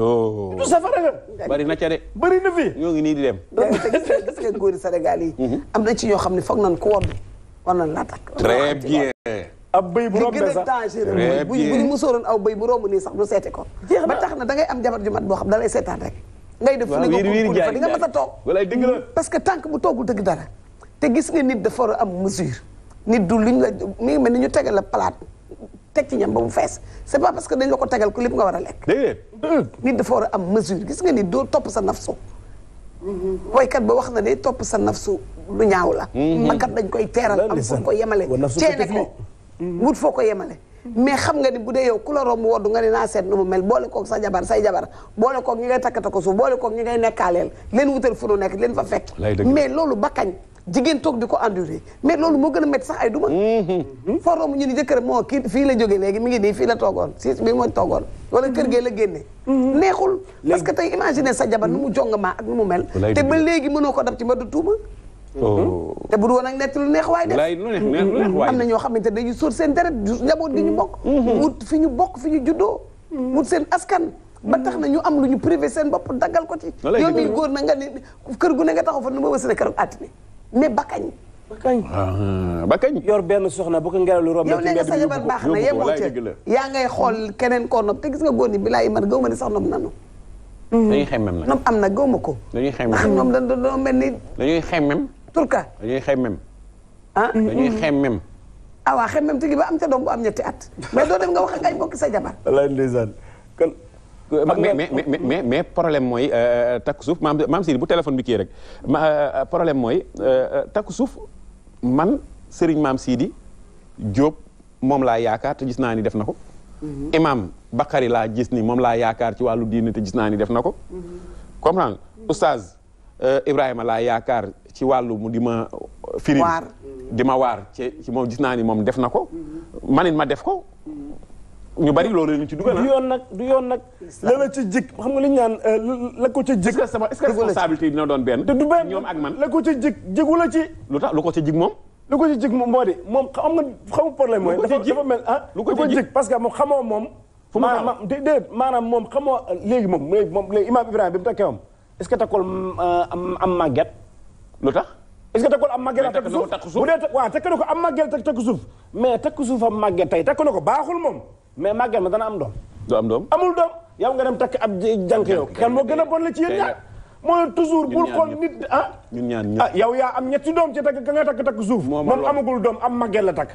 oh. du safara la. bari na ca de. bari na fi. ñoo ngi nii di dem. donc gis nga góori Sénégal mhm. am na ci ñoo xam ne foog nañ ko woon war nañ laa takk. très bien. bu romb sax li gën a dangereux bu aw béy bu romb sax du seeti ko. ba tax na da am jabar ju mat boo xam da lay seetaan rek. ngay def fu ne ko nga mën a toog. walaay dëgg parce que tànk bu toogul dëgg dara. te gis nga nit dafa war a am mesure. nit du luñ la mi ngi mel ñu tegee la palaat teg ci ñam ba bu fees c'est pas parce que dañ la ko tegal ku lépp nga war a lekk. déedéet. nit dafa war a am mesure gis nga ni doo topp sa nafsu. woykat ba wax na ne topp sa su lu ñaaw la. bakkat dañ koy teeral am foo ko yemale. ceene ko wut foo ko yemale. mais xam nga ni bu dee yow ku la romb woddu nga ne naa seet nu mu mel boole koog sa jabar say jabar boole koog ñi ngay takkata ko suuf boole koog ñi ngay nekkaaleel leen wutal fu nu nekk leen fa fekk. mais loolu jigéen toog di ko enduré mais loolu moo gën a métti sax ay duma. Mm-hmm. foo mu ñu ni jëkkër moo kii fii la jógee léegi mi ngi nii fii la toogoon siis bi mooy toogoon wala kër gee la génne. Mm-hmm. neexul parce que tey imaginer sa jabar nu mu jong maa ak nu mu mel. te ba léegi mënoo ko dab ci du tuuma. Oh. te bu du woon ak nett lu neex waay def am na ñoo xam xamante dañu sóor seen deret njaboot gi ñu bokk mm-hmm. fi ñu bokk fi ñu juddoo wut seen askan ba tax na am lu ñu privé seen bopp daggal ko ci yow mi góor na nga ne kër gu ne nga taxaw fa nu ma wasi ne keroog àttine mais bakañ. bakañ ah, bakañ. yor benn soxna bu ko ngelaw lu romb. yow nee nga sa baax na yemoo ca yaa ngay xool keneen koo nopp te gis nga góor ñi bilaay man gaw ma ne sax nopp nanu. Hmm. dañuy xemmem nag nopp am na gaw ma ko. dañuy xemmem ah, ndax ñoom dañu doon mel ni. dañuy xemmem. turka dañuy xemmem. ah dañuy hmm. xemmem. ah waa xemmem tigi ba am ca doom bu am ñetti at mais doo dem nga wax ak ay bokk sa jabar. walaay ndeysaan kon Euh, mais mais mais mais problème mooy euh, euh, takku suuf maam maam Sidi bu téléphone bi kii rek ma problème mooy takku suuf man Serigne maam siidi Diop moom laa yaakaar te gis naa ni def na ko. Mhm. imam Bakary laa gis ni moom laa yaakaar ci wàllu diine te gis naa ni def na ko. Mhm. comprendre mhm. oustaz Ibrahima laa yaakaar ci wàllu mu di ma. firil di ma waar ci moom gis naa ni moom def na ko. manit ma def ko. ñu bari loolu ñu ci dugal du ah. yoon nag du yoon nag. la la ci jik xam nga li ñu naan euh, la ko ci jik. sama est-ce que responsabilité dina doon benn. te du benn ñoom ak man la ko ci jik jigu la ci. lu tax lu ko ci jik moom. lu ko ci jik moom moo di moom xam nga xamu problème mooy. dafa dafa mel ah lu ko ci jik parce que moom xamoo moom. fu mu maanaam déedéet maanaam moom xamoo euh, léegi moom léegi moom léegi Imaam Ibrahima bi mu takkee moom est-ce que takkul euh, am am màgget lu tax. est-ce que takkul am màggeel ak takku suuf bu dee waaw takk na ko am màggeel takk suuf mais takk suuf am màggeel tey takk na ko baaxul moom mais màgget ma dana am doom. du doom amul doom yow nga dem takk ab jànk yow. kan moo gën a bon la ci yéen ñaar mooy toujours bul ah. ñun ñaar ñëpp ah yaa am ñetti doom ci takk ka nga takk takk suuf. moom amagul doom am màgget la takk.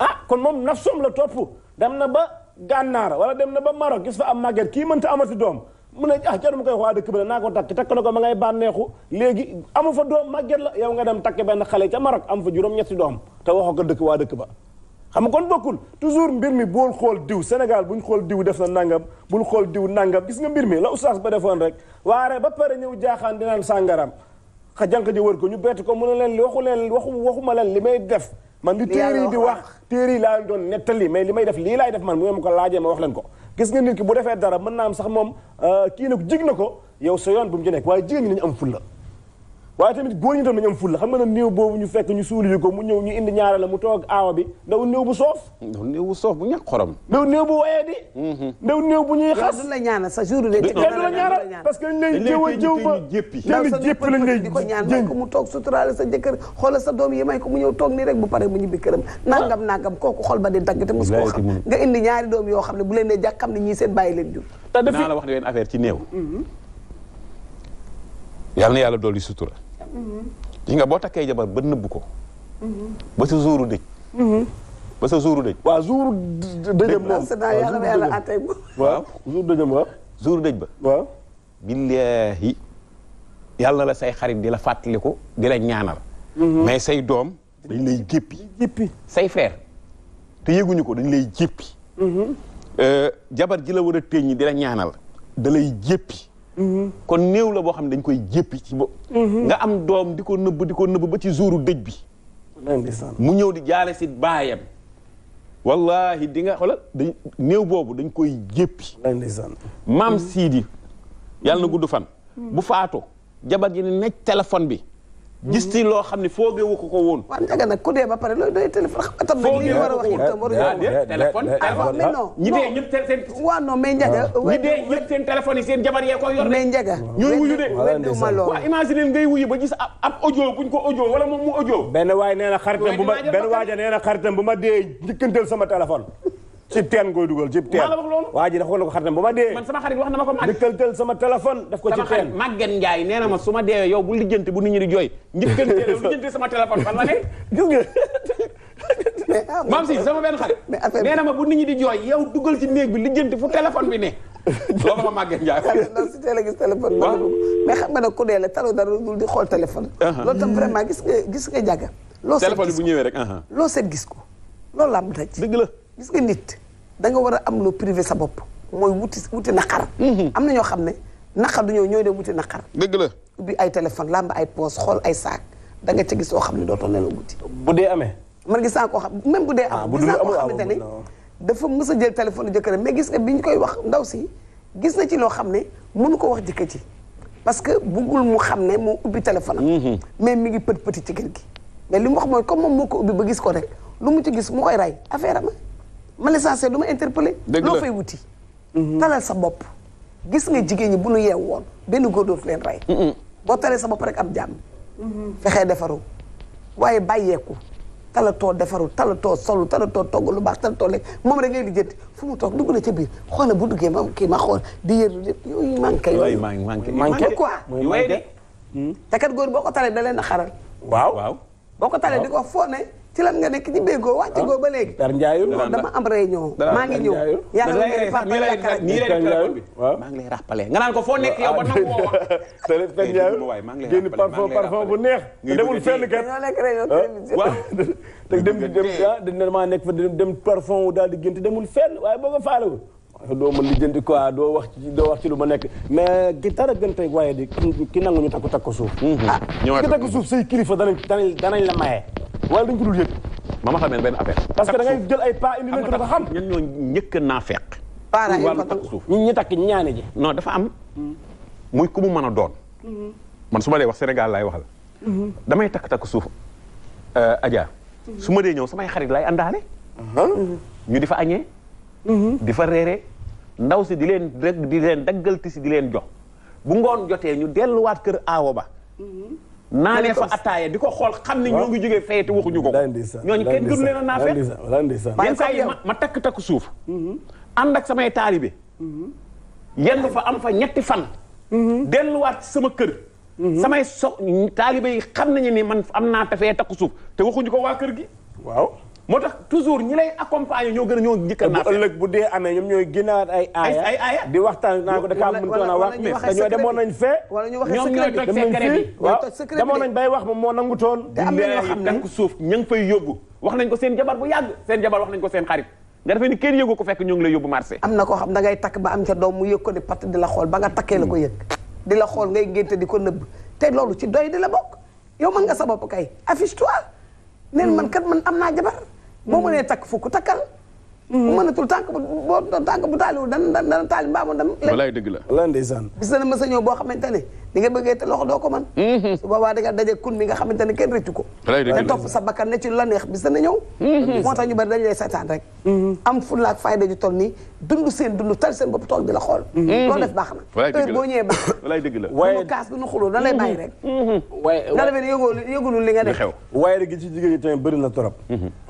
ah kon moom soom la topp dem na ba gànnaar wala dem na ba Maroc gis fa am màgget kii mën mënta amati doom. mu ne ah jaruma koy xoolee dëkk bi naa ko takk takk na ko ma ngay bànneexu léegi amu fa doom màgget la yow nga dem takk benn xale ca Maroc am fa juróom-ñetti doom te waxoo ko dëkk waa dëkk ba. xam nga kon bokkul toujours mbir mi bul xool diw Sénégal ñu xool diw def na nangam bul xool diw nangam gis nga mbir mi la oustaz ba defoon rek waare ba pare ñëw jaaxaan dinaan sàngaram xa janq ji wër ko ñu bett ko mu ne leen waxu leen waxu waxuma leen li may def man li téere yi di wax téere laa doon nettali mais li may def lii laay def man mu ma ko laajee ma wax leen ko gis nga nit ki bu defee dara mën naa am sax moom euh, kii na ko jig na ko yow sa yoon bu mu ci waaye jigéen ñi nañu am fulla waaye tamit góor ñu fekk ñu suul yi ko mu ñëw ñu indi ñaare la mu toog aawa bi ndaw néew bu soof ndaw néew bu soof bu ñàkk xorom ndaw néew bu wayee di mhm. ndaw néew bu ñuy xas la ñaanal sa jour la ñaanal parce que ñu lay jëw a jëw ba kenn ko ñaan may ko mu toog suturaale sa jëkkër xoolal sa doom yi may ko mu ñëw toog nii rek bu pare mu ñibbi këram nangam nangam kooku xol ba di dagg te mos koo xam nga indi ñaari doom yoo xam ne bu leen ne jàkk xam ne ñii seen bàyyi leen jur te la mhm. yàlla na yàlla dolli sutura gis nga boo takkee jabar ba nëbb ko ba sa zuuru dëj ba sa zuuru dëj waaw zuuru dëjëm moom waaw zuuru dëjëm ba waaw billaahi yàlla la say xarit di la fàttaliku di la ñaanal mais say doom dañ lay jéppi say frère te yëguñu ko dañ lay jéppi mhm. euh, jabar ji la war a téeñ di la ñaanal da lay jéppi kon néew la boo xam ne dañ koy jéppi ci bo mhm. nga am doom di ko nëbb di ko nëbb ba ci jouru dëj bi mu ñëw di jaale si baayam wallahi di nga xoolal dañ néew boobu dañ koy jéppi maam mhm. siidi yàlla na gudd fan mhm. bu faatoo jabar ji ne nekk téléphone bi gis ci loo xam ne foogee wu ko ko woon. waaw njaga nag ku dee ba pare looy doy téléphone xam nga tam nag li war a wax itam waruñu ko ah, téléphone ah, mais non ñi dee ñëpp seen seen waaw non mais njaga ah. ñi dee ñëpp téléphone yi seen jabar yee ko yor mais njaga ñooy wuyu de wedduma loolu waaw imagine ngay wuyu ba gis ab audio buñ ko audio wala moom mu audio benn waaye nee na xaritam bu ma benn waay nee na xaritam bu ma dee njëkkantal sama téléphone ci teen koy dugal ci teen waa ji dafa ko ne ko xaritam bu ma dee man sama xarit wax na ma ko ma dëkkal tël sama téléphone daf ko ci teen Maguette Ndiaye nee na ma su ma deewee yow bu lijjanti bu nit ñi di jooy njëkkan lijjanti sama téléphone fan la ne gis nga maam ah, si sama benn xarit nee na ma bu nit ñi di jooy yow dugal ci néeg bi lijjanti fu téléphone bi ne loolu ma Maguette Ndiaye non si teel a gis téléphone mais xam nga nag ku dee la taloo dara dul di xool téléphone uh-huh. loolu tam mm-hmm. vraiment gis nga gis nga jàgga loo téléphone bi bu ñëwee rek uh-huh. loo seet gis ko loolu la am daj dëgg la gis nga nit da war a am loo privé sa bopp mooy wuti wuti naqar. Mhm. am na ñoo xam ne naqar du ñëw ñooy dem wuti naqar. dëgg la ubbi ay téléphone làmb ay poos xool ay saak da nga ca gis soo xam ne dootoo ne la guddi. bu dee amee. man gis naa koo xam même bu dee ah, am gis naa koo xamante ne dafa mës a jël téléphone jëkkëram mais gis na bi ñu koy wax ndaw si gis na ci loo xam ne mënu ko wax jëkkër ci parce que buggul mu xam ne moo ubbi téléphone am mhm. mais mi ngi pët pëti ci kër gi mais li mu wax mooy comme moom moo ko ubbi ba gis ko rek lu mu ci gis mu koy rey affaire am man l'essentiel du ma interpellé. loo fay wuti. talal sa bopp. gis nga jigéen ñi bu nu yeew woon benn góor dootu leen rey. boo talee sa bopp rek am jàmm. fexee defaru waaye bàyyeeku too defaru talatoo solu talatoo togg lu baax talatoo lekk moom rek ngay di jënd fu mu toog dugg na ca biir xool bu duggee kii ma xool di yëru lépp yooyu manqué. yooyu manqué manqué quoi. manqué hmm? te góor boo ko talee da leen a xaral. waaw boo ko talee di ko foo ne. ci lan nga nekk ci béggoo wàcc ah. goo ba léegi. dara njaayul dama am réunion. maa ngi ñëw yàlla na ngeen nga ko foo nekk yow ba nangu woo wax. dara njaayul génn parfum parfum bu neex. demul fenn kat ñoo ah. ah, nekk réunion télévision. te dem dem ah dina fa dem parfum daal di gént demul fenn waaye boo ko faalewul doo mën lijjanti quoi doo wax ci doo wax ci lu ma nekk mais gi dara waaye di ki nangu ñu takku takku suuf. Hmm. ah ki takku suuf say kilifa danañ danañ la maye. wala dañ ko dul yëg ma ma xamee benn affaire parce que da jël ay pas indi leen xam ñen ñoo njëkk naa feeq wàllu takk suuf ñu ñu takk ñi ñaane ji non dafa am muy ku mu mën a doon mm-hmm. man su ma dee wax Sénégal laay waxal mm-hmm. damay takk-takk suuf euh, Adja mm-hmm. su ma dee ñëw samay xarit lay àndaale uh-huh. ñu di fa añee di fa reeree ndaw si di leen di leen daggal ti si di leen jox bu ngoon jotee ñu delluwaat kër aawo ba naanee fa attaaya di ko xool xam ne ñoo ngi jógee fee te waxuñu ko ko ñooñu kenn gënu leen a naafee yenn saa yi ma takk takk suuf mm-hmm. ànd ak samay taalibe mm-hmm. yenn fa am fa ñetti fan mm-hmm. delluwaat sama kër samay so taalibe yi xam nañu ni man am naa tafee takku suuf te waxuñu ko waa kër gi moo tax toujours ñi lay accompagner ñoo gën a ñoo njëkkal naa ëllëg bu dee amee ñoom ñooy gënaat ay aaya di waxtaan naa ko dakaa mënutoon a wax mais dañoo demoon wax ma moo nangutoon te am na ñoo xam ne takk nañ ko seen jabar bu yàgg seen jabar ko seen xarit nga defee ni kenn ko fekk ñoo ngi lay yóbbu marché am na koo xam da ngay takk ba am ca doom mu yëg ko di patt di la xool ba nga takkee la ko yëg di la xool ngay ngénte ko nëbb te loolu ci doy di la bokk yow mën nga sa bopp kay affiche toi neen man kat man am naa jabar boo mënee takk fukk takkal. Mm-hmm. mënatul tànk bu boo tànk bu taaliwul dan dan dana taali mbaa moom dam walaay dëgg la walaay ndeysaan bis dana mës a ñëw boo xamante ne li nga bëggee te loxo doo ko mën mm-hmm. su boobaa da nga daje kun mi nga xamante ne kenn rëccu ko da topp sa bakkan ne ci la neex bis dana ñëw mm-hmm. moo tax ñu bari dañ lay seetaan rek am fulla ak fayda ju toll nii dund seen dund tal seen bopp toog di la xool loolu def baax na heure boo ñëwee baax walaay dëgg la waaye kaas duñu xuloo da lay bàyyi rek waaye da la mel yëgul yëgulul li nga def waaye gi ci jigéen ñi tamit bëri na trop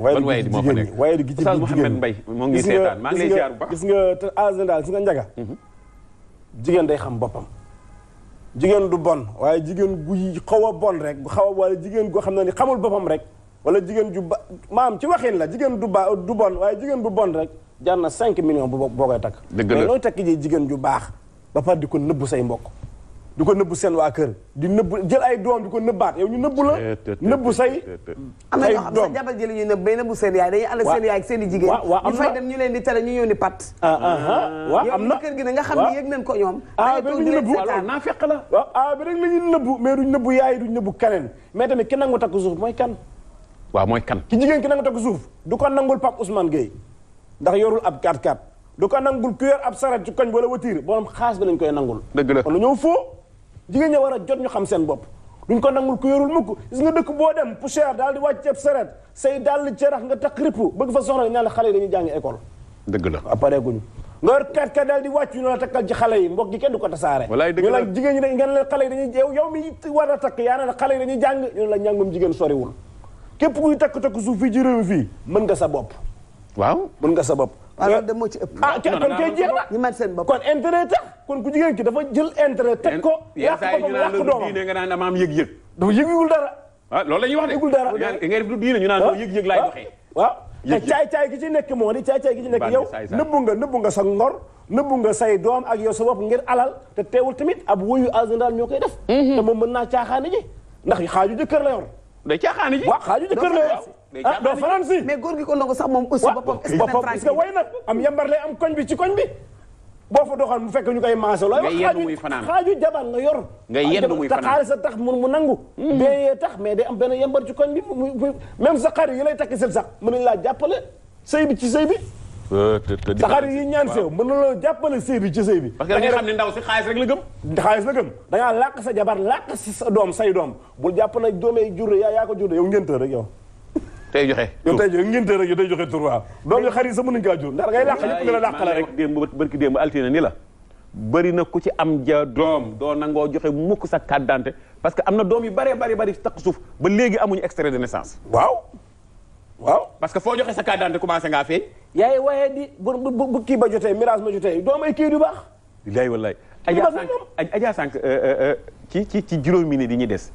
waaye gi ci jigéen ñi waaye gi ci jigéen ñi moo ngi seetaan maa ngi lay ziar bu gis nga te en général gis nga njaga mhm. jigéen day xam boppam jigéen du bon waaye jigéen guy xaw a bon rek bu xaw a wala jigéen goo xam ne ni xamul boppam rek wala jigéen ju ba maam ci waxin la jigéen du ba du bon waaye jigéen bu bon rek jar na 5 millions boo koy takk mais looy takk ji jigéen ju baax ba pare di ko nëbbu say mbokk du ko nëbbu seen waa kër di nëbbu jël ay doom di ko nëbbaat yow ñu nëbbu la nëbbu say am na ñoo xam jabar jëli ñuy bay nëbbu seen yaay dañuy ànd seen yaay ak seen i jigéen ñu fay dem ñu leen di tere ñu ñëw ni ah, ah, ah. am na kër gi ne xam ne yëg nañ ko ñoom ah ba ñu nëbbu naa fekk duñ nëbbu yaay duñ nëbbu keneen mais tamit ki nangu takk suuf mooy kan waaw mooy kan ki jigéen ki nangu takk suuf du ko nangul Pape Ousmane Gueye ndax yorul ab 4 4 du ko nangul ku yor ab saret ci koñ wala watiir borom xaas bi lañ koy nangul dëgg la kon ñëw foo jigéen ñi war a jot ñu xam seen bopp duñ ko nangul ku yorul mukk gis nga dëkk boo dem poussière daal di wàcc ceeb sareet say dàll cerax nga takk ripp bëgg fa soxla ñaan la xale yi dañuy jàngi école dëgg la appareil guñu nga yor kat kat daal di wàcc ñu la takkal ci xale yi mbokk gi kenn du ko tasaare ñu la jigéen ñi ngeen la xale yi dañuy yow yow mi war a takk yaa na xale jàng ñu la njàngum jigéen soriwul képp kuy takk takk suuf fii ci réew fii mën nga sa bopp waaw mën nga sa bopp. alors eh, de moo ci ëpp. ah kon kay jeex na ñu mën seen bopp kon intérêt tax kon ku jigéen ki dafa jël intérêt ko. yàq boppam yàq doomam nga naan dama am yëg-yëg. dafa yëg dara. waaw ah, loolu la wax de yëgul dara nga def du diine ñu naan doo ah, yëg-yëg laay ah, waxee. waaw te caay-caay gi ci nekk moo di caay-caay gi ci nekk yow nëbbu nga nëbbu nga sa ngor nëbbu nga say doom ak yow sa bopp alal te teewul tamit ab wuyu en général ñoo koy def. Mhm. te moom mën naa caaxaane ji ndax xaaju kër la yor day caaxaani ji waaw xaaju jëkkër la ah doo fanaan si ko nangu sax moom aussi boppam est-ce que way nag am yambar lay am koñ bi ci koñ bi boo fa doxal mu fekk ñu koy maaso looy wax xaaju jabar nga yor nga yenn tax mun mu nangu bee mm-hmm. tax mais day am benn yambar ci koñ bi même sa xarit yi lay takki seen sax mënuñ laa jàppale sëy bi ci sëy bi Euh, saxaar yi ñaan sew mën na la jàppale sëy bi ci sëy bi parce que da nga xam ne ndaw si xaalis rek la gëm xaalis la gëm da ngaa làq sa jabar làq si sa doom say doom bul jàpp doomee jurde yaa yaa ko jurde yow ngénte rek yow tey joxe yow tey joxe ngénte rek yow tey joxe tur waaw doom yu xarit sa mënuñ kaa da nga la làq la rek démb barki démb altine ni la bari na ku ci am ja doom doo nangoo joxe mukk sa carte d'identité parce que am na doom yu bëree bëri bëri taq suuf ba léegi amuñu extrait de naissance waaw waaw parce que foo joxe sa carte d'identité commencé ngaa feeñ. yaay waaye di bu bu kii ba jotee mirage ma jotee doo may kii du baax. bilaay wallaay. Adja Sànq Adja euh, Sànq euh, euh, ci ci ci juróomi minute yi ñuy des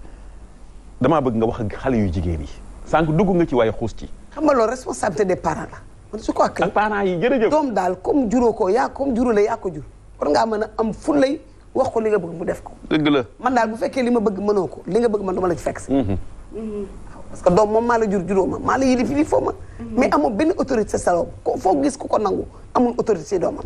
damaa bëgg nga wax xale yu jigéen yi. sànq dugg nga ci waaye xuus ci. xam nga loolu responsabilité des parents la. man su ko ak yi jërëjëf. doom daal comme juróo ko yaa comme juróo la yaa ko jur. war ngaa mën a am ful lay wax ko li nga bëgg mu def ko. dëgg la man daal bu fekkee li ma bëgg mënoo ko li nga bëgg man dama la ci fekk si. Mm-hmm. Mm-hmm. parce que doom moom maa la jur juróo ma maa la yilif yilifoo ma mhm. mais amul benn autorité sa doom ko foo gis ku ko nangu amul autorité doomam